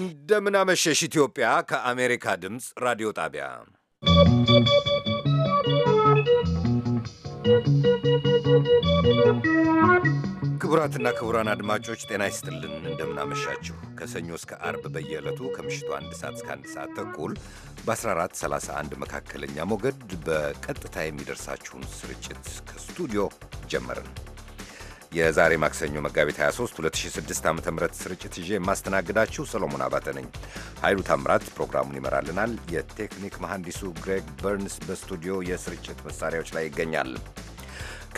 እንደምናመሸሽ ኢትዮጵያ ከአሜሪካ ድምፅ ራዲዮ ጣቢያ ክቡራትና ክቡራን አድማጮች ጤና ይስጥልን። እንደምናመሻችሁ ከሰኞ እስከ አርብ በየዕለቱ ከምሽቱ አንድ ሰዓት እስከ አንድ ሰዓት ተኩል በ1431 መካከለኛ ሞገድ በቀጥታ የሚደርሳችሁን ስርጭት ከስቱዲዮ ጀመርን። የዛሬ ማክሰኞ መጋቢት 23 2006 ዓ ም ስርጭት ይዤ የማስተናግዳችሁ ሰሎሞን አባተ ነኝ። ኃይሉ ታምራት ፕሮግራሙን ይመራልናል። የቴክኒክ መሐንዲሱ ግሬግ በርንስ በስቱዲዮ የስርጭት መሳሪያዎች ላይ ይገኛል።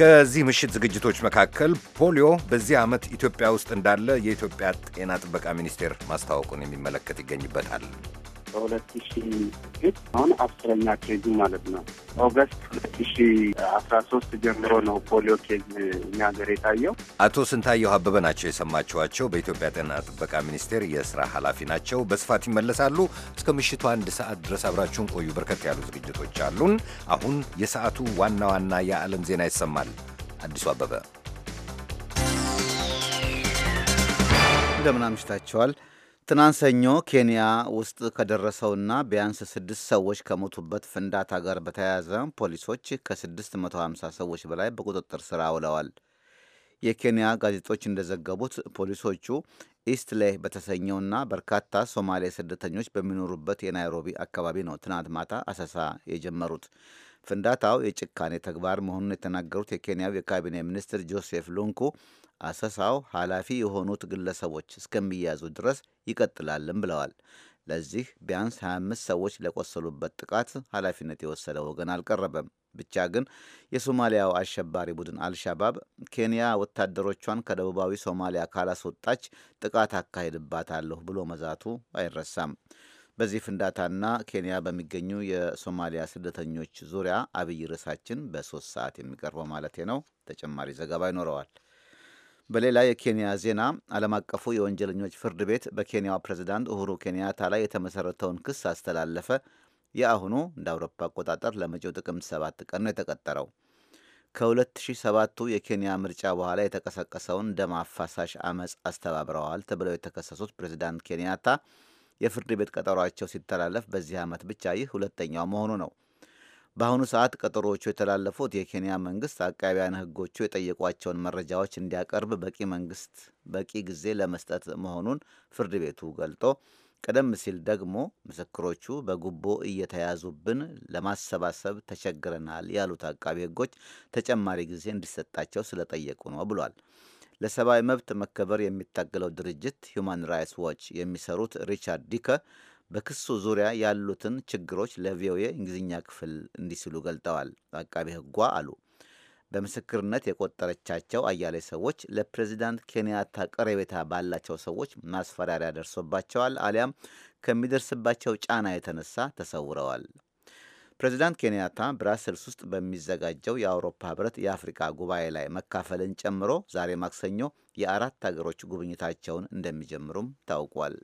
ከዚህ ምሽት ዝግጅቶች መካከል ፖሊዮ በዚህ ዓመት ኢትዮጵያ ውስጥ እንዳለ የኢትዮጵያ ጤና ጥበቃ ሚኒስቴር ማስታወቁን የሚመለከት ይገኝበታል። በሁለት ሺ ግት አሁን አስረኛ ኬዙ ማለት ነው። ኦገስት ሁለት ሺ አስራ ሶስት ጀምሮ ነው ፖሊዮ ኬዝ እኛ ሀገር የታየው። አቶ ስንታየሁ አበበ ናቸው የሰማችኋቸው። በኢትዮጵያ ጤና ጥበቃ ሚኒስቴር የስራ ኃላፊ ናቸው። በስፋት ይመለሳሉ። እስከ ምሽቱ አንድ ሰዓት ድረስ አብራችሁን ቆዩ። በርከት ያሉ ዝግጅቶች አሉን። አሁን የሰዓቱ ዋና ዋና የዓለም ዜና ይሰማል። አዲሱ አበበ እንደምን አምሽታችኋል። ትናንት ሰኞ ኬንያ ውስጥ ከደረሰውና ቢያንስ ስድስት ሰዎች ከሞቱበት ፍንዳታ ጋር በተያያዘ ፖሊሶች ከ650 ሰዎች በላይ በቁጥጥር ስር አውለዋል። የኬንያ ጋዜጦች እንደዘገቡት ፖሊሶቹ ኢስትሌህ በተሰኘውና በርካታ ሶማሌ ስደተኞች በሚኖሩበት የናይሮቢ አካባቢ ነው ትናንት ማታ አሰሳ የጀመሩት። ፍንዳታው የጭካኔ ተግባር መሆኑን የተናገሩት የኬንያው የካቢኔ ሚኒስትር ጆሴፍ ሉንኩ አሰሳው ኃላፊ የሆኑት ግለሰቦች እስከሚያዙ ድረስ ይቀጥላልም ብለዋል። ለዚህ ቢያንስ 25 ሰዎች ለቆሰሉበት ጥቃት ኃላፊነት የወሰደ ወገን አልቀረበም። ብቻ ግን የሶማሊያው አሸባሪ ቡድን አልሻባብ ኬንያ ወታደሮቿን ከደቡባዊ ሶማሊያ ካላስወጣች ጥቃት አካሄድባታለሁ ብሎ መዛቱ አይረሳም። በዚህ ፍንዳታና ኬንያ በሚገኙ የሶማሊያ ስደተኞች ዙሪያ አብይ ርዕሳችን በሶስት ሰዓት የሚቀርበው ማለቴ ነው። ተጨማሪ ዘገባ ይኖረዋል። በሌላ የኬንያ ዜና ዓለም አቀፉ የወንጀለኞች ፍርድ ቤት በኬንያው ፕሬዝዳንት ኡሁሩ ኬንያታ ላይ የተመሰረተውን ክስ አስተላለፈ። የአሁኑ እንደ አውሮፓ አቆጣጠር ለመጪው ጥቅምት ሰባት ቀን ነው የተቀጠረው። ከ2007ቱ የኬንያ ምርጫ በኋላ የተቀሰቀሰውን ደም አፋሳሽ አመፅ አስተባብረዋል ተብለው የተከሰሱት ፕሬዝዳንት ኬንያታ የፍርድ ቤት ቀጠሯቸው ሲተላለፍ በዚህ ዓመት ብቻ ይህ ሁለተኛው መሆኑ ነው። በአሁኑ ሰዓት ቀጠሮዎቹ የተላለፉት የኬንያ መንግስት አቃቢያን ህጎቹ የጠየቋቸውን መረጃዎች እንዲያቀርብ በቂ መንግስት በቂ ጊዜ ለመስጠት መሆኑን ፍርድ ቤቱ ገልጦ ቀደም ሲል ደግሞ ምስክሮቹ በጉቦ እየተያዙብን ለማሰባሰብ ተቸግረናል ያሉት አቃቢ ሕጎች ተጨማሪ ጊዜ እንዲሰጣቸው ስለጠየቁ ነው ብሏል። ለሰብአዊ መብት መከበር የሚታገለው ድርጅት ሁማን ራይትስ ዋች የሚሰሩት ሪቻርድ ዲከ በክሱ ዙሪያ ያሉትን ችግሮች ለቪኦኤ እንግሊዝኛ ክፍል እንዲህ ሲሉ ገልጠዋል። አቃቢ ህጓ አሉ በምስክርነት የቆጠረቻቸው አያሌ ሰዎች ለፕሬዚዳንት ኬንያታ ቀረቤታ ባላቸው ሰዎች ማስፈራሪያ ደርሶባቸዋል፣ አሊያም ከሚደርስባቸው ጫና የተነሳ ተሰውረዋል። ፕሬዚዳንት ኬንያታ ብራሰልስ ውስጥ በሚዘጋጀው የአውሮፓ ህብረት የአፍሪካ ጉባኤ ላይ መካፈልን ጨምሮ ዛሬ ማክሰኞ የአራት ሀገሮች ጉብኝታቸውን እንደሚጀምሩም ታውቋል።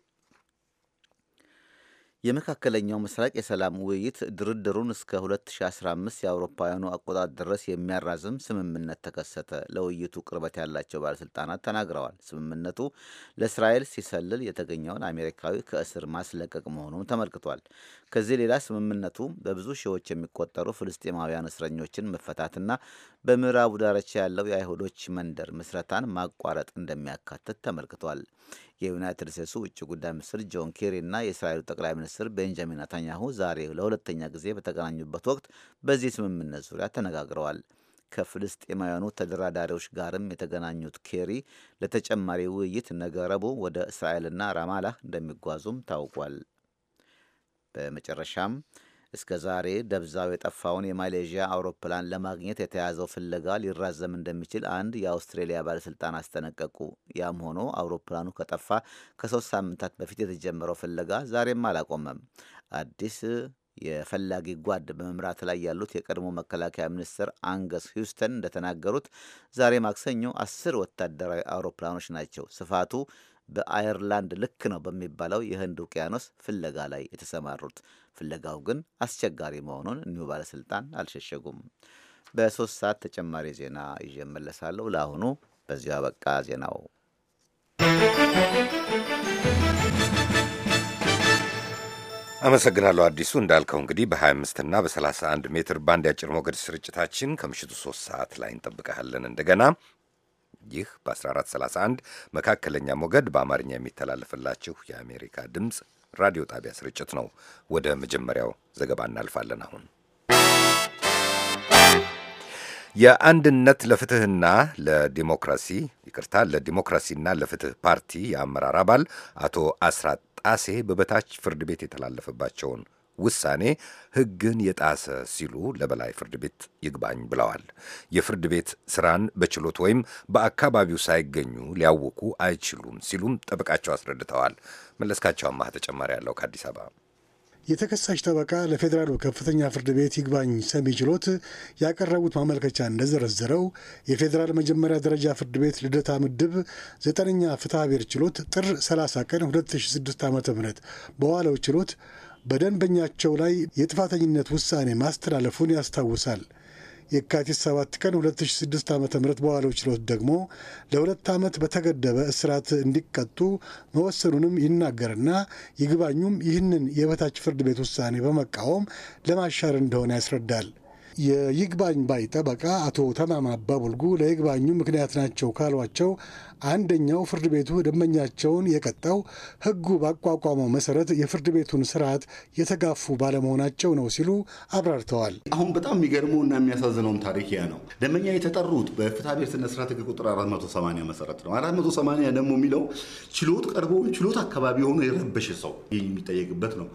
የመካከለኛው ምስራቅ የሰላም ውይይት ድርድሩን እስከ 2015 የአውሮፓውያኑ አቆጣጠር ድረስ የሚያራዝም ስምምነት ተከሰተ። ለውይይቱ ቅርበት ያላቸው ባለስልጣናት ተናግረዋል። ስምምነቱ ለእስራኤል ሲሰልል የተገኘውን አሜሪካዊ ከእስር ማስለቀቅ መሆኑም ተመልክቷል። ከዚህ ሌላ ስምምነቱ በብዙ ሺዎች የሚቆጠሩ ፍልስጤማውያን እስረኞችን መፈታትና በምዕራቡ ዳርቻ ያለው የአይሁዶች መንደር ምስረታን ማቋረጥ እንደሚያካትት ተመልክቷል። የዩናይትድ ስቴትሱ ውጭ ጉዳይ ሚኒስትር ጆን ኬሪ እና የእስራኤሉ ጠቅላይ ሚኒስትር ቤንጃሚን ናታንያሁ ዛሬ ለሁለተኛ ጊዜ በተገናኙበት ወቅት በዚህ ስምምነት ዙሪያ ተነጋግረዋል። ከፍልስጤማውያኑ ተደራዳሪዎች ጋርም የተገናኙት ኬሪ ለተጨማሪ ውይይት ነገ ረቡዕ ወደ እስራኤልና ራማላህ እንደሚጓዙም ታውቋል። በመጨረሻም እስከ ዛሬ ደብዛው የጠፋውን የማሌዥያ አውሮፕላን ለማግኘት የተያዘው ፍለጋ ሊራዘም እንደሚችል አንድ የአውስትሬሊያ ባለሥልጣን አስጠነቀቁ። ያም ሆኖ አውሮፕላኑ ከጠፋ ከሶስት ሳምንታት በፊት የተጀመረው ፍለጋ ዛሬም አላቆመም። አዲስ የፈላጊ ጓድ በመምራት ላይ ያሉት የቀድሞ መከላከያ ሚኒስትር አንገስ ሂውስተን እንደተናገሩት ዛሬ ማክሰኞ አስር ወታደራዊ አውሮፕላኖች ናቸው ስፋቱ በአየርላንድ ልክ ነው በሚባለው የህንድ ውቅያኖስ ፍለጋ ላይ የተሰማሩት። ፍለጋው ግን አስቸጋሪ መሆኑን እኒሁ ባለስልጣን አልሸሸጉም። በሶስት ሰዓት ተጨማሪ ዜና ይዤ እመለሳለሁ። ለአሁኑ በዚሁ አበቃ ዜናው። አመሰግናለሁ አዲሱ። እንዳልከው እንግዲህ በ25 እና በ31 ሜትር ባንድ ያጭር ሞገድ ስርጭታችን ከምሽቱ 3 ሰዓት ላይ እንጠብቀሃለን እንደገና ይህ በ1431 መካከለኛ ሞገድ በአማርኛ የሚተላለፍላችሁ የአሜሪካ ድምፅ ራዲዮ ጣቢያ ስርጭት ነው። ወደ መጀመሪያው ዘገባ እናልፋለን። አሁን የአንድነት ለፍትህና ለዲሞክራሲ ይቅርታ፣ ለዲሞክራሲና ለፍትህ ፓርቲ የአመራር አባል አቶ አስራት ጣሴ በበታች ፍርድ ቤት የተላለፈባቸውን ውሳኔ ሕግን የጣሰ ሲሉ ለበላይ ፍርድ ቤት ይግባኝ ብለዋል። የፍርድ ቤት ስራን በችሎት ወይም በአካባቢው ሳይገኙ ሊያውቁ አይችሉም ሲሉም ጠበቃቸው አስረድተዋል። መለስካቸው አማህ ተጨማሪ ያለው ከአዲስ አበባ የተከሳሽ ጠበቃ ለፌዴራሉ ከፍተኛ ፍርድ ቤት ይግባኝ ሰሚ ችሎት ያቀረቡት ማመልከቻ እንደዘረዘረው የፌዴራል መጀመሪያ ደረጃ ፍርድ ቤት ልደታ ምድብ ዘጠነኛ ፍትሐ ብሔር ችሎት ጥር 30 ቀን 2006 ዓ ም በዋለው ችሎት በደንበኛቸው ላይ የጥፋተኝነት ውሳኔ ማስተላለፉን ያስታውሳል። የካቲት 7 ቀን 2006 ዓ ም በዋለው ችሎት ደግሞ ለሁለት ዓመት በተገደበ እስራት እንዲቀጡ መወሰኑንም ይናገርና ይግባኙም ይህንን የበታች ፍርድ ቤት ውሳኔ በመቃወም ለማሻር እንደሆነ ያስረዳል። የይግባኝ ባይ ጠበቃ አቶ ተማማ አባቡልጉ ለይግባኙ ምክንያት ናቸው ካሏቸው አንደኛው ፍርድ ቤቱ ደመኛቸውን የቀጣው ሕጉ ባቋቋመው መሰረት የፍርድ ቤቱን ስርዓት የተጋፉ ባለመሆናቸው ነው ሲሉ አብራርተዋል። አሁን በጣም የሚገርመው እና የሚያሳዝነውም ታሪክ ያ ነው። ደመኛ የተጠሩት በፍትሐ ብሔር ስነ ስርዓት ሕግ ቁጥር 480 መሰረት ነው። 480 ደግሞ የሚለው ችሎት ቀርቦ ችሎት አካባቢ የሆነ የረበሸ ሰው የሚጠየቅበት ነው።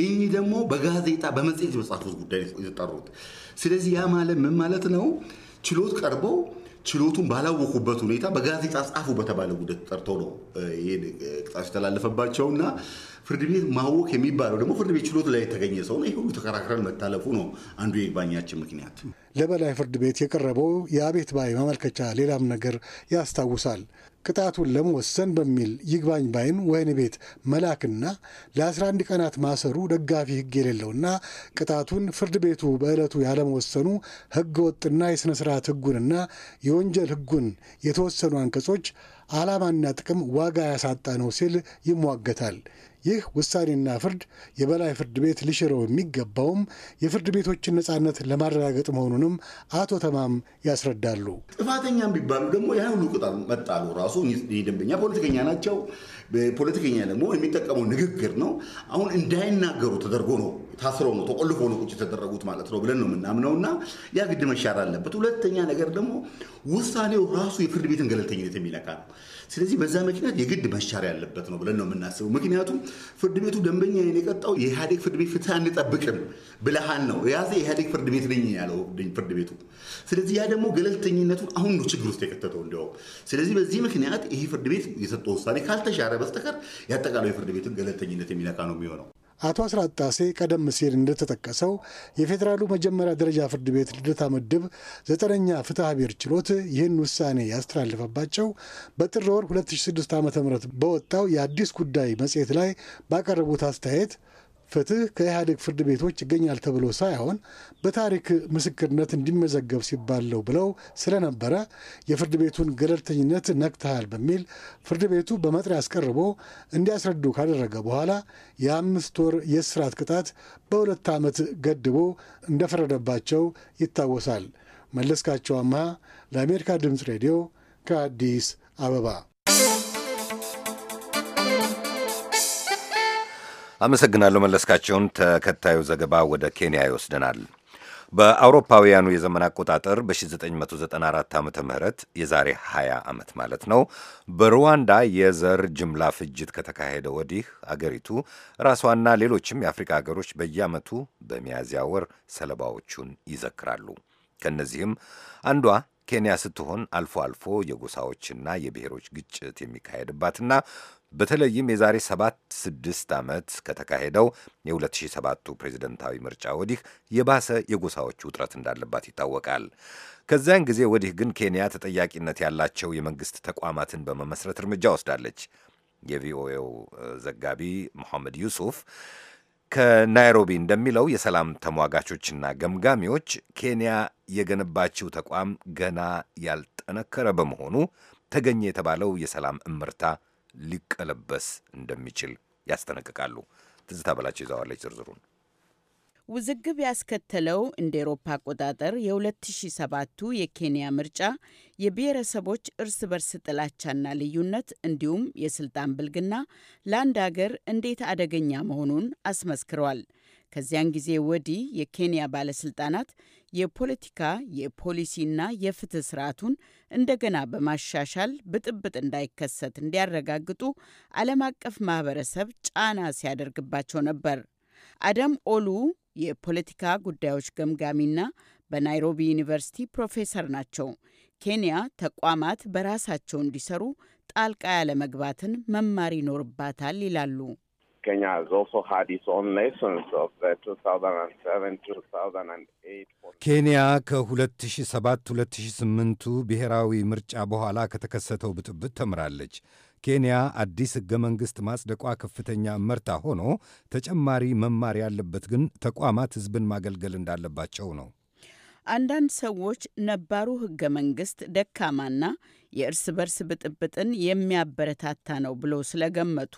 ይህ ደግሞ በጋዜጣ በመጽሔት የመጻፉት ጉዳይ የተጠሩት ስለዚህ ያ ማለት ምን ማለት ነው? ችሎት ቀርቦ ችሎቱን ባላወቁበት ሁኔታ በጋዜጣ ጻፉ በተባለ ጉደት ተጠርቶ ነው ይህን ቅጣት የተላለፈባቸው እና ፍርድ ቤት ማወቅ የሚባለው ደግሞ ፍርድ ቤት ችሎት ላይ የተገኘ ሰው ነው። ይህ ሁሉ ተከራክረን መታለፉ ነው አንዱ የይግባኛችን ምክንያት። ለበላይ ፍርድ ቤት የቀረበው የአቤት ባይ ማመልከቻ ሌላም ነገር ያስታውሳል። ቅጣቱን ለመወሰን በሚል ይግባኝ ባይን ወህኒ ቤት መላክና ለ11 ቀናት ማሰሩ ደጋፊ ህግ የሌለውና ቅጣቱን ፍርድ ቤቱ በዕለቱ ያለመወሰኑ ህገወጥና የሥነ ሥርዓት ህጉንና የወንጀል ህጉን የተወሰኑ አንቀጾች ዓላማና ጥቅም ዋጋ ያሳጣ ነው ሲል ይሟገታል። ይህ ውሳኔና ፍርድ የበላይ ፍርድ ቤት ሊሽረው የሚገባውም የፍርድ ቤቶችን ነጻነት ለማረጋገጥ መሆኑንም አቶ ተማም ያስረዳሉ። ጥፋተኛ ቢባሉ ደግሞ ያ ሁሉ ቅጣት መጣሉ ራሱ ደንበኛ ፖለቲከኛ ናቸው። ፖለቲከኛ ደግሞ የሚጠቀመው ንግግር ነው። አሁን እንዳይናገሩ ተደርጎ ነው ታስረው ነው ተቆልፎ ነው ቁጭ የተደረጉት ማለት ነው ብለን ነው የምናምነው እና ያ ግድ መሻር አለበት። ሁለተኛ ነገር ደግሞ ውሳኔው ራሱ የፍርድ ቤትን ገለልተኝነት የሚነካ ነው። ስለዚህ በዛ ምክንያት የግድ መሻር ያለበት ነው ብለን ነው የምናስበው። ምክንያቱም ፍርድ ቤቱ ደንበኛ የቀጣው የኢህአዴግ ፍርድ ቤት ፍትህ አንጠብቅም ብለሃል ነው የያዘ የኢህአዴግ ፍርድ ቤት ነኝ ያለው ፍርድ ቤቱ። ስለዚህ ያ ደግሞ ገለልተኝነቱን አሁን ነው ችግር ውስጥ የከተተው እንዲያውም። ስለዚህ በዚህ ምክንያት ይህ ፍርድ ቤት የሰጠው ውሳኔ ካልተሻረ በስተቀር የአጠቃላይ ፍርድ ቤትን ገለልተኝነት የሚነካ ነው የሚሆነው። አቶ አስራጣሴ ቀደም ሲል እንደተጠቀሰው የፌዴራሉ መጀመሪያ ደረጃ ፍርድ ቤት ልደታ ምድብ ዘጠነኛ ፍትሐ ብሔር ችሎት ይህን ውሳኔ ያስተላለፈባቸው በጥር ወር 2006 ዓ ም በወጣው የአዲስ ጉዳይ መጽሔት ላይ ባቀረቡት አስተያየት ፍትህ ከኢህአዴግ ፍርድ ቤቶች ይገኛል ተብሎ ሳይሆን በታሪክ ምስክርነት እንዲመዘገብ ሲባለው ብለው ስለነበረ የፍርድ ቤቱን ገለልተኝነት ነክተሃል በሚል ፍርድ ቤቱ በመጥሪያ አስቀርቦ እንዲያስረዱ ካደረገ በኋላ የአምስት ወር የእስራት ቅጣት በሁለት ዓመት ገድቦ እንደፈረደባቸው ይታወሳል። መለስካቸው አምሃ ለአሜሪካ ድምፅ ሬዲዮ ከአዲስ አበባ አመሰግናለሁ መለስካቸውን። ተከታዩ ዘገባ ወደ ኬንያ ይወስደናል። በአውሮፓውያኑ የዘመን አቆጣጠር በ1994 ዓ ምህረት የዛሬ 20 ዓመት ማለት ነው፣ በሩዋንዳ የዘር ጅምላ ፍጅት ከተካሄደ ወዲህ አገሪቱ ራሷና ሌሎችም የአፍሪካ አገሮች በየዓመቱ በሚያዝያ ወር ሰለባዎቹን ይዘክራሉ። ከእነዚህም አንዷ ኬንያ ስትሆን አልፎ አልፎ የጎሳዎችና የብሔሮች ግጭት የሚካሄድባትና በተለይም የዛሬ 7 6 ዓመት ከተካሄደው የ2007ቱ ፕሬዝደንታዊ ምርጫ ወዲህ የባሰ የጎሳዎች ውጥረት እንዳለባት ይታወቃል። ከዚያን ጊዜ ወዲህ ግን ኬንያ ተጠያቂነት ያላቸው የመንግሥት ተቋማትን በመመስረት እርምጃ ወስዳለች። የቪኦኤው ዘጋቢ መሐመድ ዩሱፍ ከናይሮቢ እንደሚለው የሰላም ተሟጋቾችና ገምጋሚዎች ኬንያ የገነባችው ተቋም ገና ያልጠነከረ በመሆኑ ተገኘ የተባለው የሰላም እምርታ ሊቀለበስ እንደሚችል ያስጠነቅቃሉ። ትዝታ በላቸው ይዘዋለች ዝርዝሩን። ውዝግብ ያስከተለው እንደ ኤሮፓ አቆጣጠር የ2007ቱ የኬንያ ምርጫ የብሔረሰቦች እርስ በርስ ጥላቻና ልዩነት እንዲሁም የስልጣን ብልግና ለአንድ አገር እንዴት አደገኛ መሆኑን አስመስክረዋል። ከዚያን ጊዜ ወዲህ የኬንያ ባለስልጣናት የፖለቲካ የፖሊሲና የፍትህ ስርዓቱን እንደገና በማሻሻል ብጥብጥ እንዳይከሰት እንዲያረጋግጡ ዓለም አቀፍ ማህበረሰብ ጫና ሲያደርግባቸው ነበር። አደም ኦሉ የፖለቲካ ጉዳዮች ገምጋሚና በናይሮቢ ዩኒቨርሲቲ ፕሮፌሰር ናቸው። ኬንያ ተቋማት በራሳቸው እንዲሰሩ ጣልቃ ያለመግባትን መማር ይኖርባታል ይላሉ። Kenya has also had its own lessons of the 2007 2008 ኬንያ ከ2007 2008ቱ ብሔራዊ ምርጫ በኋላ ከተከሰተው ብጥብጥ ተምራለች። ኬንያ አዲስ ሕገ መንግሥት ማጽደቋ ከፍተኛ መርታ ሆኖ ተጨማሪ መማር ያለበት ግን ተቋማት ሕዝብን ማገልገል እንዳለባቸው ነው። አንዳንድ ሰዎች ነባሩ ሕገ መንግሥት ደካማና የእርስ በርስ ብጥብጥን የሚያበረታታ ነው ብሎ ስለገመቱ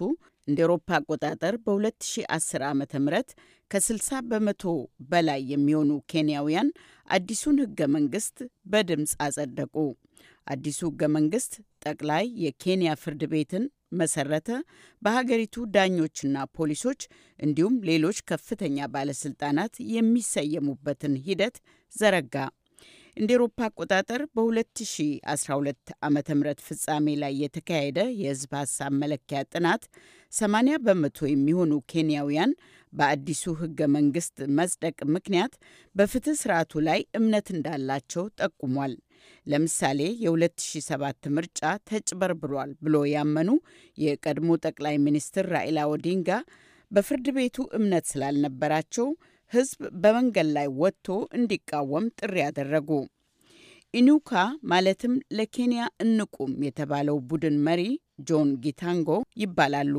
እንደ ኤሮፓ አቆጣጠር በ2010 ዓ ም ከ60 በመቶ በላይ የሚሆኑ ኬንያውያን አዲሱን ህገ መንግስት በድምፅ አጸደቁ። አዲሱ ህገ መንግስት ጠቅላይ የኬንያ ፍርድ ቤትን መሰረተ፣ በሀገሪቱ ዳኞችና ፖሊሶች እንዲሁም ሌሎች ከፍተኛ ባለስልጣናት የሚሰየሙበትን ሂደት ዘረጋ። እንደ ኤሮፓ አቆጣጠር በ2012 ዓ ም ፍጻሜ ላይ የተካሄደ የህዝብ ሀሳብ መለኪያ ጥናት 80 በመቶ የሚሆኑ ኬንያውያን በአዲሱ ህገ መንግስት መጽደቅ ምክንያት በፍትህ ስርዓቱ ላይ እምነት እንዳላቸው ጠቁሟል። ለምሳሌ የ2007 ምርጫ ተጭበርብሯል ብሎ ያመኑ የቀድሞ ጠቅላይ ሚኒስትር ራኢላ ኦዲንጋ በፍርድ ቤቱ እምነት ስላልነበራቸው ህዝብ በመንገድ ላይ ወጥቶ እንዲቃወም ጥሪ ያደረጉ። ኢኑካ ማለትም ለኬንያ እንቁም የተባለው ቡድን መሪ ጆን ጊታንጎ ይባላሉ።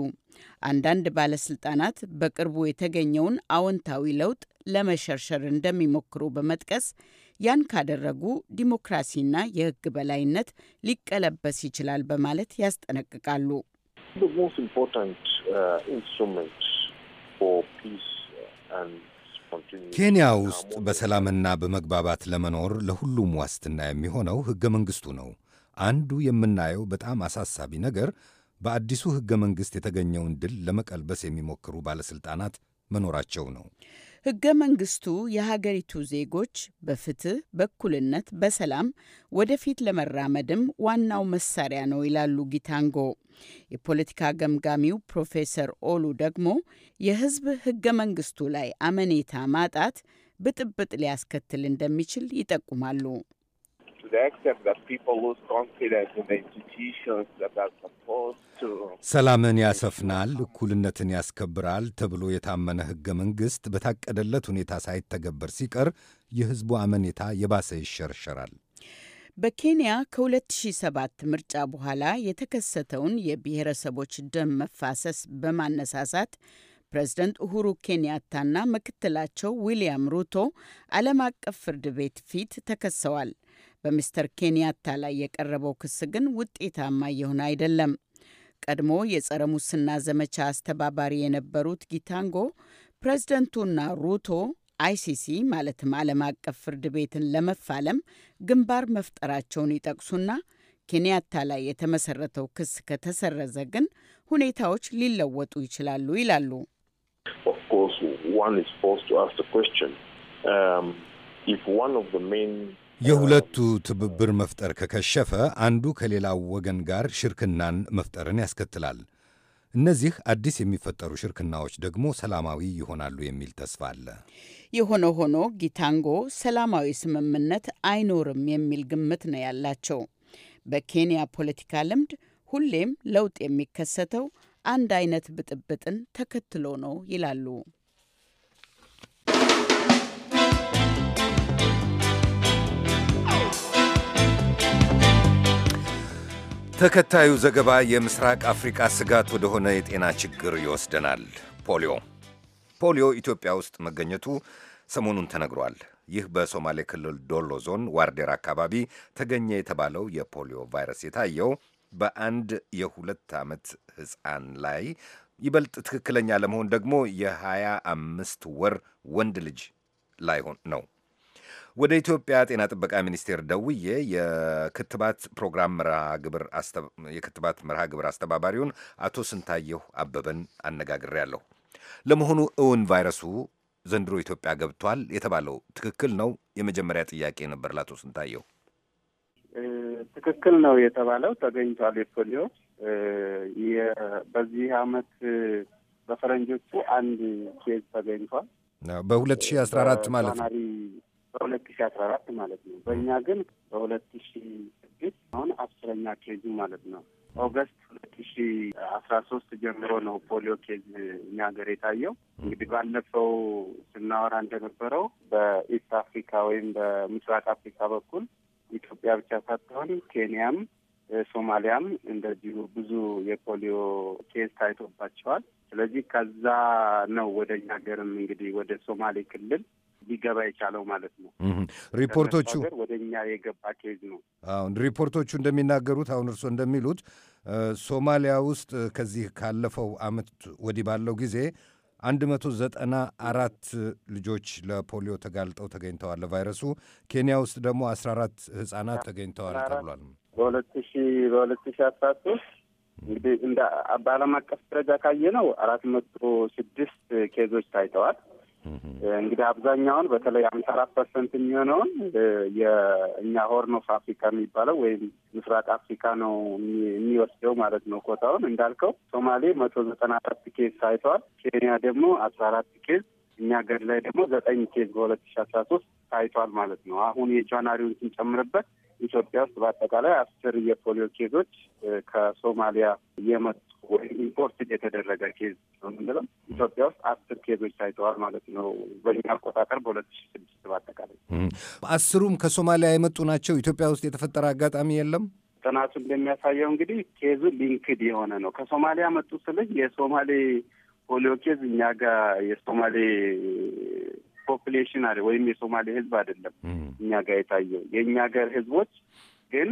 አንዳንድ ባለስልጣናት በቅርቡ የተገኘውን አዎንታዊ ለውጥ ለመሸርሸር እንደሚሞክሩ በመጥቀስ ያን ካደረጉ ዲሞክራሲና የሕግ በላይነት ሊቀለበስ ይችላል በማለት ያስጠነቅቃሉ። uh, ኬንያ ውስጥ በሰላምና በመግባባት ለመኖር ለሁሉም ዋስትና የሚሆነው ሕገ መንግስቱ ነው። አንዱ የምናየው በጣም አሳሳቢ ነገር በአዲሱ ሕገ መንግሥት የተገኘውን ድል ለመቀልበስ የሚሞክሩ ባለሥልጣናት መኖራቸው ነው። ሕገ መንግሥቱ የሀገሪቱ ዜጎች በፍትህ፣ በእኩልነት፣ በሰላም ወደፊት ለመራመድም ዋናው መሳሪያ ነው ይላሉ ጊታንጎ። የፖለቲካ ገምጋሚው ፕሮፌሰር ኦሉ ደግሞ የሕዝብ ሕገ መንግሥቱ ላይ አመኔታ ማጣት ብጥብጥ ሊያስከትል እንደሚችል ይጠቁማሉ። ሰላምን ያሰፍናል፣ እኩልነትን ያስከብራል ተብሎ የታመነ ህገ መንግሥት በታቀደለት ሁኔታ ሳይተገበር ሲቀር የሕዝቡ አመኔታ የባሰ ይሸርሸራል። በኬንያ ከ2007 ምርጫ በኋላ የተከሰተውን የብሔረሰቦች ደም መፋሰስ በማነሳሳት ፕሬዝደንት ኡሁሩ ኬንያታና ምክትላቸው ዊልያም ሩቶ ዓለም አቀፍ ፍርድ ቤት ፊት ተከሰዋል። በሚስተር ኬንያታ ላይ የቀረበው ክስ ግን ውጤታማ እየሆነ አይደለም። ቀድሞ የጸረ ሙስና ዘመቻ አስተባባሪ የነበሩት ጊታንጎ ፕሬዝደንቱና ሩቶ አይሲሲ ማለትም ዓለም አቀፍ ፍርድ ቤትን ለመፋለም ግንባር መፍጠራቸውን ይጠቅሱና ኬንያታ ላይ የተመሰረተው ክስ ከተሰረዘ ግን ሁኔታዎች ሊለወጡ ይችላሉ ይላሉ። ኦፍኮርስ ዋን ኢዝ ፎርስድ ቱ አስክ ዘ ኩዌስችን ኢፍ ዋን ኦፍ ዘ ሜይን የሁለቱ ትብብር መፍጠር ከከሸፈ አንዱ ከሌላው ወገን ጋር ሽርክናን መፍጠርን ያስከትላል። እነዚህ አዲስ የሚፈጠሩ ሽርክናዎች ደግሞ ሰላማዊ ይሆናሉ የሚል ተስፋ አለ። የሆነ ሆኖ ጊታንጎ ሰላማዊ ስምምነት አይኖርም የሚል ግምት ነው ያላቸው። በኬንያ ፖለቲካ ልምድ ሁሌም ለውጥ የሚከሰተው አንድ አይነት ብጥብጥን ተከትሎ ነው ይላሉ። ተከታዩ ዘገባ የምስራቅ አፍሪቃ ስጋት ወደሆነ የጤና ችግር ይወስደናል። ፖሊዮ ፖሊዮ ኢትዮጵያ ውስጥ መገኘቱ ሰሞኑን ተነግሯል። ይህ በሶማሌ ክልል ዶሎ ዞን ዋርዴር አካባቢ ተገኘ የተባለው የፖሊዮ ቫይረስ የታየው በአንድ የሁለት ዓመት ሕፃን ላይ ይበልጥ ትክክለኛ ለመሆን ደግሞ የ25 ወር ወንድ ልጅ ላይ ነው ወደ ኢትዮጵያ ጤና ጥበቃ ሚኒስቴር ደውዬ የክትባት ፕሮግራም የክትባት መርሃ ግብር አስተባባሪውን አቶ ስንታየሁ አበበን አነጋግሬያለሁ። ለመሆኑ እውን ቫይረሱ ዘንድሮ ኢትዮጵያ ገብቷል የተባለው ትክክል ነው? የመጀመሪያ ጥያቄ ነበር ለአቶ ስንታየሁ። ትክክል ነው የተባለው ተገኝቷል። የፖሊዮ በዚህ አመት በፈረንጆቹ አንድ ኬዝ ተገኝቷል። በሁለት ሺህ አስራ አራት ማለት ነው። በሁለት ሺ አስራ አራት ማለት ነው። በእኛ ግን በሁለት ሺ ስድስት አሁን አስረኛ ኬዙ ማለት ነው። ኦገስት ሁለት ሺ አስራ ሶስት ጀምሮ ነው ፖሊዮ ኬዝ እኛ ሀገር የታየው። እንግዲህ ባለፈው ስናወራ እንደነበረው በኢስት አፍሪካ ወይም በምስራቅ አፍሪካ በኩል ኢትዮጵያ ብቻ ሳትሆን ኬንያም ሶማሊያም እንደዚሁ ብዙ የፖሊዮ ኬዝ ታይቶባቸዋል። ስለዚህ ከዛ ነው ወደ እኛ ሀገርም እንግዲህ ወደ ሶማሌ ክልል ሊገባ የቻለው ማለት ነው። ሪፖርቶቹ ወደ እኛ የገባ ኬዝ ነው። አሁን ሪፖርቶቹ እንደሚናገሩት አሁን እርስዎ እንደሚሉት ሶማሊያ ውስጥ ከዚህ ካለፈው ዓመት ወዲህ ባለው ጊዜ አንድ መቶ ዘጠና አራት ልጆች ለፖሊዮ ተጋልጠው ተገኝተዋል ለቫይረሱ። ኬንያ ውስጥ ደግሞ አስራ አራት ህጻናት ተገኝተዋል ተብሏል። በሁለት ሺ በሁለት ሺ አስራ ሶስት እንግዲህ እንደ በዓለም አቀፍ ደረጃ ካየ ነው አራት መቶ ስድስት ኬዞች ታይተዋል። እንግዲህ አብዛኛውን በተለይ አምሳ አራት ፐርሰንት የሚሆነውን የእኛ ሆርን ኦፍ አፍሪካ የሚባለው ወይም ምስራቅ አፍሪካ ነው የሚወስደው ማለት ነው ኮታውን። እንዳልከው ሶማሌ መቶ ዘጠና አራት ኬዝ ታይተዋል። ኬንያ ደግሞ አስራ አራት ኬዝ እኛ ገድ ላይ ደግሞ ዘጠኝ ኬዝ በሁለት ሺ አስራ ሶስት ታይቷል ማለት ነው። አሁን የጃንዋሪውን ስንጨምርበት ኢትዮጵያ ውስጥ በአጠቃላይ አስር የፖሊዮ ኬዞች ከሶማሊያ የመጡ ወይም ኢምፖርትድ የተደረገ ኬዝ ነው ኢትዮጵያ ውስጥ አስር ኬዞች ታይተዋል ማለት ነው። በኛ አቆጣጠር በሁለት ሺ ስድስት በአጠቃላይ አስሩም ከሶማሊያ የመጡ ናቸው። ኢትዮጵያ ውስጥ የተፈጠረ አጋጣሚ የለም። ጥናቱ እንደሚያሳየው እንግዲህ ኬዙ ሊንክድ የሆነ ነው። ከሶማሊያ መጡ ስልህ የሶማሌ ፖሊዮ ኬዝ እኛ ጋር የሶማሌ ፖፕሌሽን አለ ወይም የሶማሌ ህዝብ አይደለም እኛ ጋር የታየው። የእኛ ሀገር ህዝቦች ግን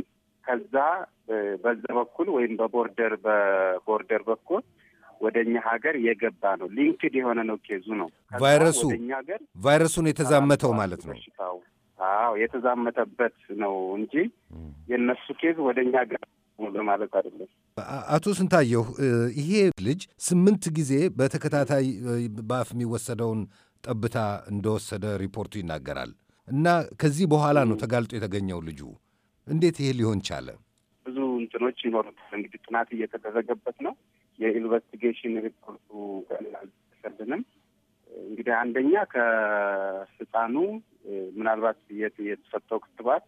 ከዛ በዛ በኩል ወይም በቦርደር በቦርደር በኩል ወደ እኛ ሀገር የገባ ነው። ሊንክድ የሆነ ነው ኬዙ ነው ቫይረሱ ቫይረሱን የተዛመተው ማለት ነው። አዎ የተዛመተበት ነው እንጂ የእነሱ ኬዝ ወደ እኛ ሀገር ማለት አይደለም። አቶ ስንታየሁ ይሄ ልጅ ስምንት ጊዜ በተከታታይ በአፍ የሚወሰደውን ጠብታ እንደወሰደ ሪፖርቱ ይናገራል። እና ከዚህ በኋላ ነው ተጋልጦ የተገኘው ልጁ። እንዴት ይሄ ሊሆን ቻለ? ብዙ እንትኖች ይኖሩታል እንግዲህ ጥናት እየተደረገበት ነው። የኢንቨስቲጌሽን ሪፖርቱ አልደረሰልንም። እንግዲህ አንደኛ ከህፃኑ ምናልባት የተሰጠው ክትባት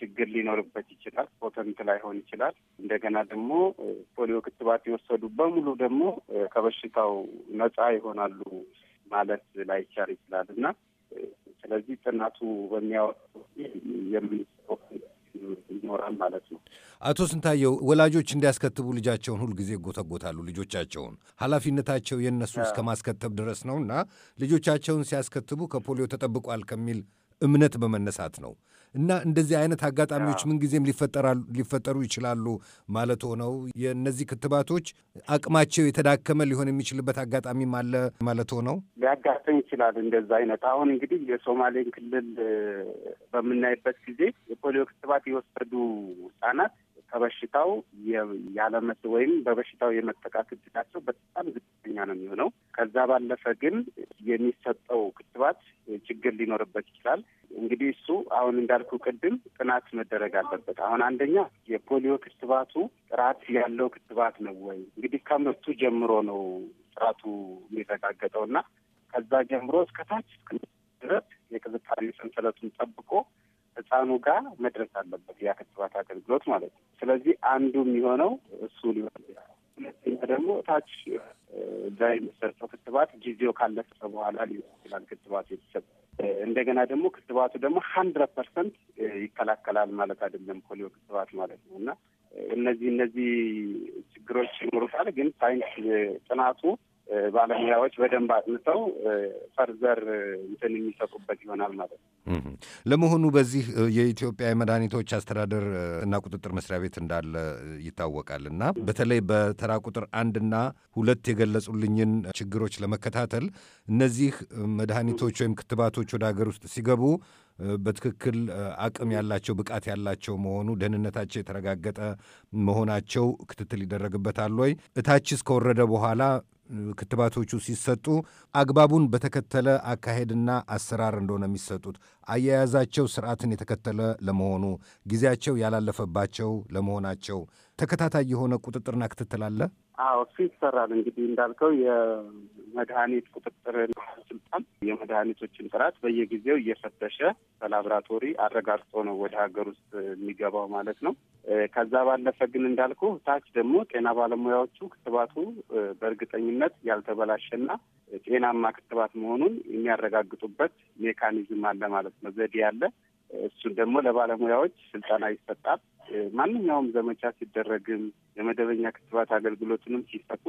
ችግር ሊኖርበት ይችላል። ፖተንት ላይሆን ይችላል። እንደገና ደግሞ ፖሊዮ ክትባት የወሰዱ በሙሉ ደግሞ ከበሽታው ነጻ ይሆናሉ ማለት ላይቻል ይችላል እና ስለዚህ ጥናቱ በሚያወጡ የምንሰው ይኖራል ማለት ነው። አቶ ስንታየው ወላጆች እንዲያስከትቡ ልጃቸውን ሁልጊዜ ይጎተጎታሉ። ልጆቻቸውን ኃላፊነታቸው የእነሱ እስከ ማስከተብ ድረስ ነው እና ልጆቻቸውን ሲያስከትቡ ከፖሊዮ ተጠብቋል ከሚል እምነት በመነሳት ነው እና እንደዚህ አይነት አጋጣሚዎች ምንጊዜም ሊፈጠሩ ይችላሉ ማለት ሆነው የእነዚህ ክትባቶች አቅማቸው የተዳከመ ሊሆን የሚችልበት አጋጣሚም አለ ማለት ሆነው ሊያጋጥም ይችላል። እንደዛ አይነት አሁን እንግዲህ የሶማሌን ክልል በምናይበት ጊዜ የፖሊዮ ክትባት የወሰዱ ህጻናት ከበሽታው ያለመት ወይም በበሽታው የመጠቃት እድላቸው በጣም ዝቅተኛ ነው የሚሆነው። ከዛ ባለፈ ግን የሚሰጠው ክትባት ችግር ሊኖርበት ይችላል። እንግዲህ እሱ አሁን እንዳልኩ ቅድም ጥናት መደረግ አለበት። አሁን አንደኛ የፖሊዮ ክትባቱ ጥራት ያለው ክትባት ነው ወይ? እንግዲህ ከምርቱ ጀምሮ ነው ጥራቱ የሚረጋገጠው እና ከዛ ጀምሮ እስከታች ድረስ የቅዝቃዜ ሰንሰለቱን ጠብቆ ህፃኑ ጋር መድረስ አለበት ያ ክትባት አገልግሎት ማለት ነው። ስለዚህ አንዱ የሚሆነው እሱ ሊሆን ሁለተኛ ደግሞ ታች እዛ የሚሰጠው ክትባት ጊዜው ካለፈ በኋላ ሊሆን ይችላል ክትባቱ የተሰጠ። እንደገና ደግሞ ክትባቱ ደግሞ ሀንድረድ ፐርሰንት ይከላከላል ማለት አይደለም ፖሊዮ ክትባት ማለት ነው እና እነዚህ እነዚህ ችግሮች ይኖሩታል ግን ሳይንስ ጥናቱ ባለሙያዎች በደንብ አጥንተው ፈርዘር እንትን የሚሰጡበት ይሆናል ማለት ነው። ለመሆኑ በዚህ የኢትዮጵያ የመድኃኒቶች አስተዳደር እና ቁጥጥር መስሪያ ቤት እንዳለ ይታወቃል እና በተለይ በተራ ቁጥር አንድና ሁለት የገለጹልኝን ችግሮች ለመከታተል እነዚህ መድኃኒቶች ወይም ክትባቶች ወደ ሀገር ውስጥ ሲገቡ በትክክል አቅም ያላቸው ብቃት ያላቸው መሆኑ ደህንነታቸው የተረጋገጠ መሆናቸው ክትትል ይደረግበታል ወይ? እታችስ ከወረደ በኋላ ክትባቶቹ ሲሰጡ አግባቡን በተከተለ አካሄድና አሰራር እንደሆነ የሚሰጡት አያያዛቸው ስርዓትን የተከተለ ለመሆኑ ጊዜያቸው ያላለፈባቸው ለመሆናቸው ተከታታይ የሆነ ቁጥጥርና ክትትል አለ? አዎ እሱ ይሰራል። እንግዲህ እንዳልከው የመድኃኒት ቁጥጥር ባለስልጣን የመድኃኒቶችን ጥራት በየጊዜው እየፈተሸ በላብራቶሪ አረጋግጦ ነው ወደ ሀገር ውስጥ የሚገባው ማለት ነው። ከዛ ባለፈ ግን እንዳልኩ ታች ደግሞ ጤና ባለሙያዎቹ ክትባቱ በእርግጠኝነት ያልተበላሸና ጤናማ ክትባት መሆኑን የሚያረጋግጡበት ሜካኒዝም አለ ማለት ነው፣ ዘዴ አለ። እሱን ደግሞ ለባለሙያዎች ስልጠና ይሰጣል። ማንኛውም ዘመቻ ሲደረግም የመደበኛ ክትባት አገልግሎትንም ሲሰጡ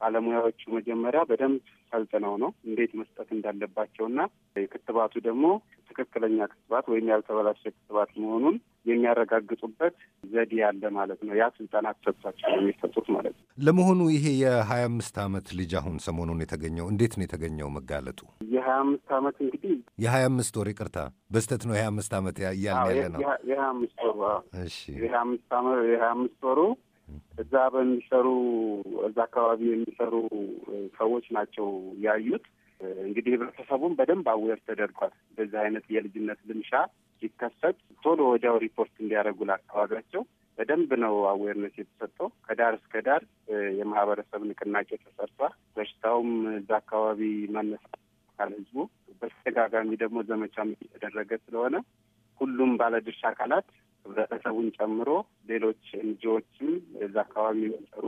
ባለሙያዎቹ መጀመሪያ በደንብ ሰልጥነው ነው እንዴት መስጠት እንዳለባቸውና የክትባቱ ደግሞ ትክክለኛ ክትባት ወይም ያልተበላሸ ክትባት መሆኑን የሚያረጋግጡበት ዘዴ ያለ ማለት ነው። ያ ስልጠና ተሰጥቷቸው ነው የሚሰጡት ማለት ነው። ለመሆኑ ይሄ የሀያ አምስት አመት ልጅ አሁን ሰሞኑን የተገኘው እንዴት ነው የተገኘው? መጋለጡ የሀያ አምስት አመት እንግዲህ የሀያ አምስት ወር ይቅርታ፣ በስተት ነው የሀያ አምስት አመት እያልን ያለ ነው። የሀያ አምስት ወሩ የሀያ አምስት የሀያ አምስት ወሩ እዛ በሚሰሩ እዛ አካባቢ የሚሰሩ ሰዎች ናቸው ያዩት። እንግዲህ ህብረተሰቡን በደንብ አዌር ተደርጓል። በዚህ አይነት የልጅነት ልምሻ ሲከሰት ቶሎ ወዲያው ሪፖርት እንዲያደርጉ ለአካባቢያቸው በደንብ ነው አዌርነስ የተሰጠው። ከዳር እስከ ዳር የማህበረሰብ ንቅናቄ ተሰርቷል። በሽታውም እዛ አካባቢ መነሳት ካል ህዝቡ በተደጋጋሚ ደግሞ ዘመቻም የተደረገ ስለሆነ ሁሉም ባለድርሻ አካላት ህብረተሰቡን ጨምሮ ሌሎች እንጂዎችም እዛ አካባቢ የሚሰሩ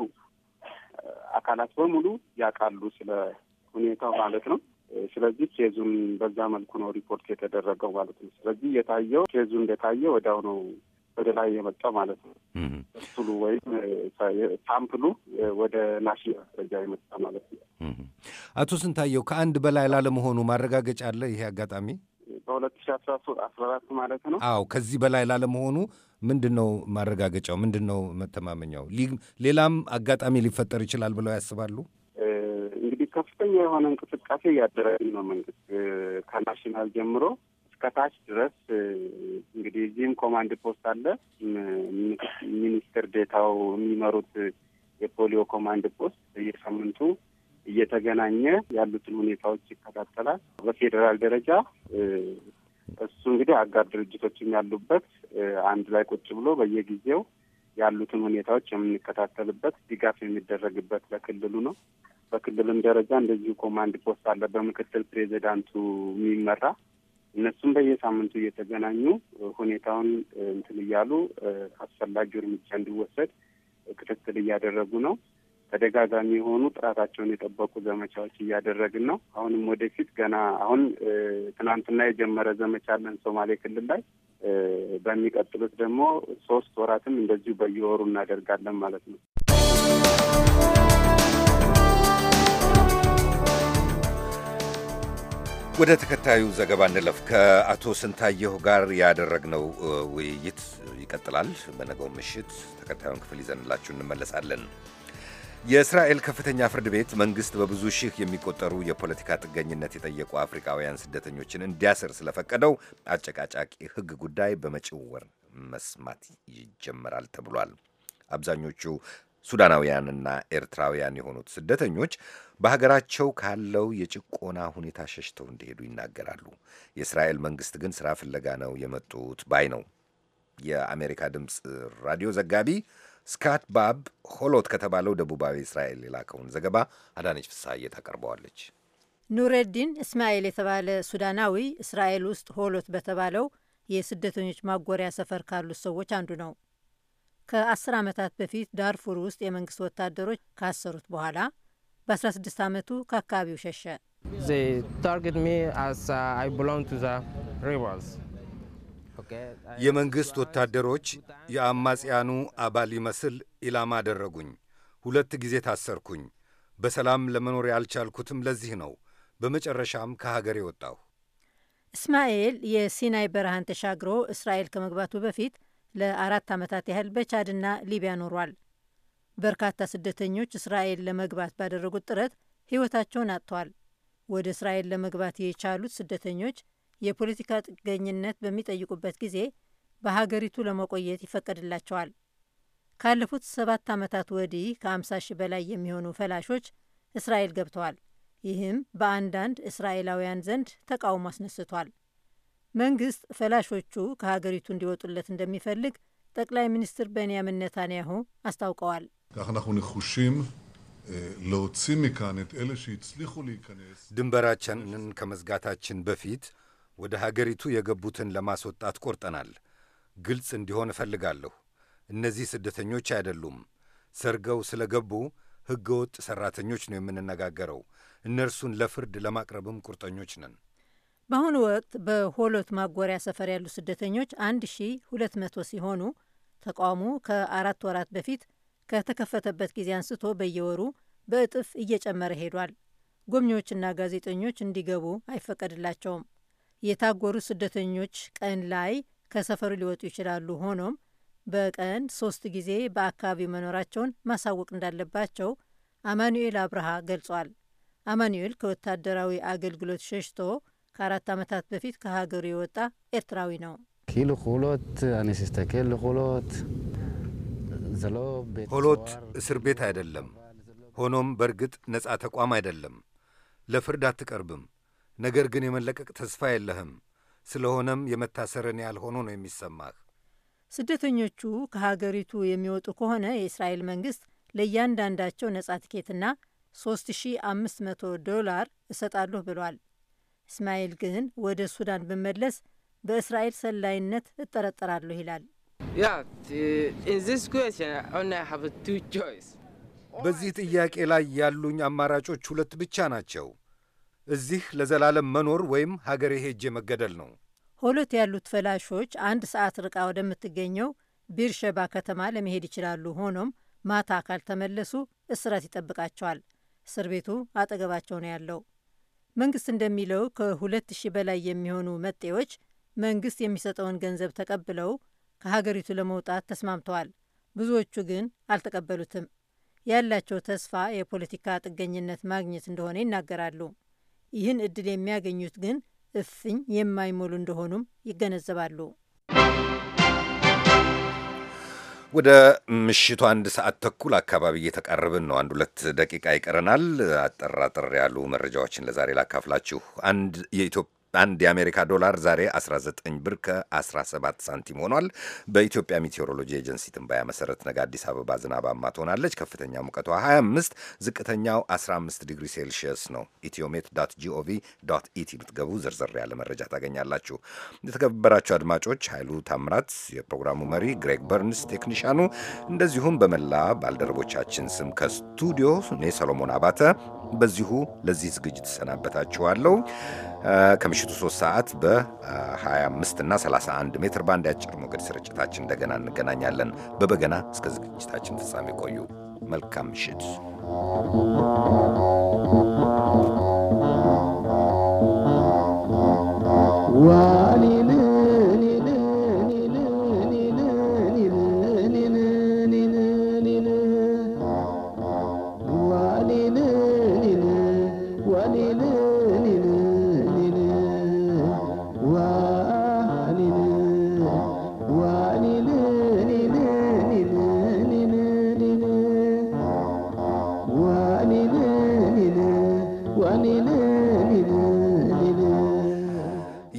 አካላት በሙሉ ያውቃሉ ስለ ሁኔታው ማለት ነው። ስለዚህ ኬዙን በዛ መልኩ ነው ሪፖርት የተደረገው ማለት ነው። ስለዚህ የታየው ኬዙ እንደታየ ወዲያው ነው ወደ ላይ የመጣው ማለት ነው። እሱሉ ወይም ሳምፕሉ ወደ ናሽናል ደረጃ የመጣ ማለት ነው። አቶ ስንታየው ከአንድ በላይ ላለመሆኑ ማረጋገጫ አለ? ይሄ አጋጣሚ በሁለት ሺ አስራ ሶስት አስራ አራት ማለት ነው። አዎ ከዚህ በላይ ላለመሆኑ ምንድን ነው ማረጋገጫው? ምንድን ነው መተማመኛው? ሌላም አጋጣሚ ሊፈጠር ይችላል ብለው ያስባሉ? ከፍተኛ የሆነ እንቅስቃሴ እያደረግን ነው። መንግስት ከናሽናል ጀምሮ እስከ ታች ድረስ እንግዲህ እዚህም ኮማንድ ፖስት አለ። ሚኒስትር ዴታው የሚመሩት የፖሊዮ ኮማንድ ፖስት በየሳምንቱ እየተገናኘ ያሉትን ሁኔታዎች ይከታተላል። በፌዴራል ደረጃ እሱ እንግዲህ አጋር ድርጅቶችም ያሉበት አንድ ላይ ቁጭ ብሎ በየጊዜው ያሉትን ሁኔታዎች የምንከታተልበት ድጋፍ የሚደረግበት ለክልሉ ነው። በክልልም ደረጃ እንደዚሁ ኮማንድ ፖስት አለ በምክትል ፕሬዚዳንቱ የሚመራ እነሱም በየሳምንቱ እየተገናኙ ሁኔታውን እንትን እያሉ አስፈላጊው እርምጃ እንዲወሰድ ክትትል እያደረጉ ነው። ተደጋጋሚ የሆኑ ጥራታቸውን የጠበቁ ዘመቻዎች እያደረግን ነው። አሁንም ወደፊት ገና አሁን ትናንትና የጀመረ ዘመቻ አለን ሶማሌ ክልል ላይ። በሚቀጥሉት ደግሞ ሶስት ወራትም እንደዚሁ በየወሩ እናደርጋለን ማለት ነው። ወደ ተከታዩ ዘገባ እንለፍ። ከአቶ ስንታየሁ ጋር ያደረግነው ውይይት ይቀጥላል። በነገው ምሽት ተከታዩን ክፍል ይዘንላችሁ እንመለሳለን። የእስራኤል ከፍተኛ ፍርድ ቤት መንግሥት በብዙ ሺህ የሚቆጠሩ የፖለቲካ ጥገኝነት የጠየቁ አፍሪካውያን ስደተኞችን እንዲያስር ስለፈቀደው አጨቃጫቂ ሕግ ጉዳይ በመጪው ወር መስማት ይጀመራል ተብሏል። አብዛኞቹ ሱዳናውያንና ኤርትራውያን የሆኑት ስደተኞች በሀገራቸው ካለው የጭቆና ሁኔታ ሸሽተው እንዲሄዱ ይናገራሉ። የእስራኤል መንግስት ግን ስራ ፍለጋ ነው የመጡት ባይ ነው። የአሜሪካ ድምፅ ራዲዮ ዘጋቢ ስካት ባብ ሆሎት ከተባለው ደቡባዊ እስራኤል የላከውን ዘገባ አዳነች ፍሳዬ ታቀርበዋለች። ኑረዲን እስማኤል የተባለ ሱዳናዊ እስራኤል ውስጥ ሆሎት በተባለው የስደተኞች ማጎሪያ ሰፈር ካሉት ሰዎች አንዱ ነው። ከ10 ዓመታት በፊት ዳርፉር ውስጥ የመንግስት ወታደሮች ካሰሩት በኋላ በ16 ዓመቱ ከአካባቢው ሸሸ። uh, የመንግሥት ወታደሮች የአማጽያኑ አባል ይመስል ኢላማ አደረጉኝ። ሁለት ጊዜ ታሰርኩኝ። በሰላም ለመኖር ያልቻልኩትም ለዚህ ነው። በመጨረሻም ከሀገር የወጣሁ። እስማኤል የሲናይ በረሃን ተሻግሮ እስራኤል ከመግባቱ በፊት ለአራት ዓመታት ያህል በቻድና ሊቢያ ኖሯል። በርካታ ስደተኞች እስራኤል ለመግባት ባደረጉት ጥረት ሕይወታቸውን አጥተዋል። ወደ እስራኤል ለመግባት የቻሉት ስደተኞች የፖለቲካ ጥገኝነት በሚጠይቁበት ጊዜ በሀገሪቱ ለመቆየት ይፈቀድላቸዋል። ካለፉት ሰባት ዓመታት ወዲህ ከ ሺህ በላይ የሚሆኑ ፈላሾች እስራኤል ገብተዋል። ይህም በአንዳንድ እስራኤላውያን ዘንድ ተቃውሞ አስነስቷል። መንግስት ፈላሾቹ ከሀገሪቱ እንዲወጡለት እንደሚፈልግ ጠቅላይ ሚኒስትር ቤንያሚን ነታንያሁ አስታውቀዋል። ድንበራችንን ከመዝጋታችን በፊት ወደ ሀገሪቱ የገቡትን ለማስወጣት ቆርጠናል። ግልጽ እንዲሆን እፈልጋለሁ። እነዚህ ስደተኞች አይደሉም። ሰርገው ስለ ገቡ ሕገ ወጥ ሠራተኞች ነው የምንነጋገረው። እነርሱን ለፍርድ ለማቅረብም ቁርጠኞች ነን። በአሁኑ ወቅት በሆሎት ማጎሪያ ሰፈር ያሉ ስደተኞች 1200 ሲሆኑ ተቋሙ ከአራት ወራት በፊት ከተከፈተበት ጊዜ አንስቶ በየወሩ በእጥፍ እየጨመረ ሄዷል። ጎብኚዎችና ጋዜጠኞች እንዲገቡ አይፈቀድላቸውም። የታጎሩ ስደተኞች ቀን ላይ ከሰፈሩ ሊወጡ ይችላሉ። ሆኖም በቀን ሶስት ጊዜ በአካባቢው መኖራቸውን ማሳወቅ እንዳለባቸው አማኑኤል አብርሃ ገልጿል። አማኑኤል ከወታደራዊ አገልግሎት ሸሽቶ ከአራት ዓመታት በፊት ከሀገሩ የወጣ ኤርትራዊ ነው። ሆሎት እስር ቤት አይደለም። ሆኖም በእርግጥ ነጻ ተቋም አይደለም። ለፍርድ አትቀርብም። ነገር ግን የመለቀቅ ተስፋ የለህም። ስለሆነም የመታሰርን ያህል ሆኖ ነው የሚሰማህ። ስደተኞቹ ከሀገሪቱ የሚወጡ ከሆነ የእስራኤል መንግሥት ለእያንዳንዳቸው ነጻ ትኬትና 3500 ዶላር እሰጣለሁ ብሏል። እስማኤል ግን ወደ ሱዳን ብመለስ በእስራኤል ሰላይነት እጠረጠራለሁ ይላል። በዚህ ጥያቄ ላይ ያሉኝ አማራጮች ሁለት ብቻ ናቸው። እዚህ ለዘላለም መኖር ወይም ሀገሬ ሄጄ መገደል ነው። ሆሎት ያሉት ፈላሾች አንድ ሰዓት ርቃ ወደምትገኘው ቢርሸባ ከተማ ለመሄድ ይችላሉ። ሆኖም ማታ ካልተመለሱ እስራት ይጠብቃቸዋል። እስር ቤቱ አጠገባቸው ነው ያለው። መንግስት እንደሚለው ከሁለት ሺህ በላይ የሚሆኑ መጤዎች መንግስት የሚሰጠውን ገንዘብ ተቀብለው ከሀገሪቱ ለመውጣት ተስማምተዋል። ብዙዎቹ ግን አልተቀበሉትም። ያላቸው ተስፋ የፖለቲካ ጥገኝነት ማግኘት እንደሆነ ይናገራሉ። ይህን እድል የሚያገኙት ግን እፍኝ የማይሞሉ እንደሆኑም ይገነዘባሉ። ወደ ምሽቱ አንድ ሰዓት ተኩል አካባቢ እየተቃረብን ነው። አንድ ሁለት ደቂቃ ይቀረናል። አጠራጥር ያሉ መረጃዎችን ለዛሬ ላካፍላችሁ። አንድ የኢትዮጵያ አንድ የአሜሪካ ዶላር ዛሬ 19 ብር ከ17 ሳንቲም ሆኗል። በኢትዮጵያ ሜቴዎሮሎጂ ኤጀንሲ ትንባያ መሰረት ነገ አዲስ አበባ ዝናባማ ትሆናለች። ከፍተኛ ሙቀቷ 25፣ ዝቅተኛው 15 ዲግሪ ሴልሽስ ነው። ኢትዮሜት ዶት ጂኦቪ ዶት ኢቲ ብትገቡ ዝርዝር ያለ መረጃ ታገኛላችሁ። የተከበራችሁ አድማጮች፣ ኃይሉ ታምራት የፕሮግራሙ መሪ፣ ግሬግ በርንስ ቴክኒሻኑ፣ እንደዚሁም በመላ ባልደረቦቻችን ስም ከስቱዲዮ እኔ ሰሎሞን አባተ በዚሁ ለዚህ ዝግጅት ሰናበታችኋለሁ። ከምሽቱ 3 ሰዓት በ25 እና 31 ሜትር ባንድ ያጭር ሞገድ ስርጭታችን እንደገና እንገናኛለን። በበገና እስከ ዝግጅታችን ፍጻሜ ቆዩ። መልካም ምሽት። What?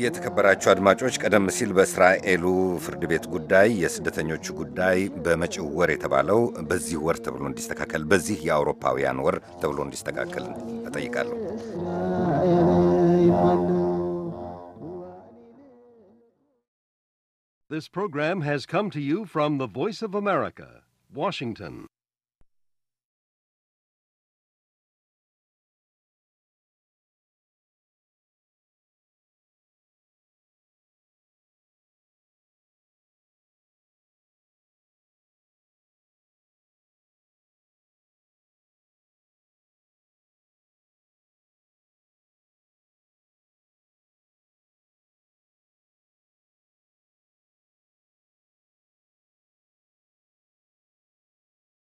የተከበራቸው አድማጮች ቀደም ሲል በእስራኤሉ ፍርድ ቤት ጉዳይ የስደተኞቹ ጉዳይ በመጪው ወር የተባለው በዚህ ወር ተብሎ እንዲስተካከል በዚህ የአውሮፓውያን ወር ተብሎ እንዲስተካከል እጠይቃለሁ። This program has come to you from the Voice of America, Washington.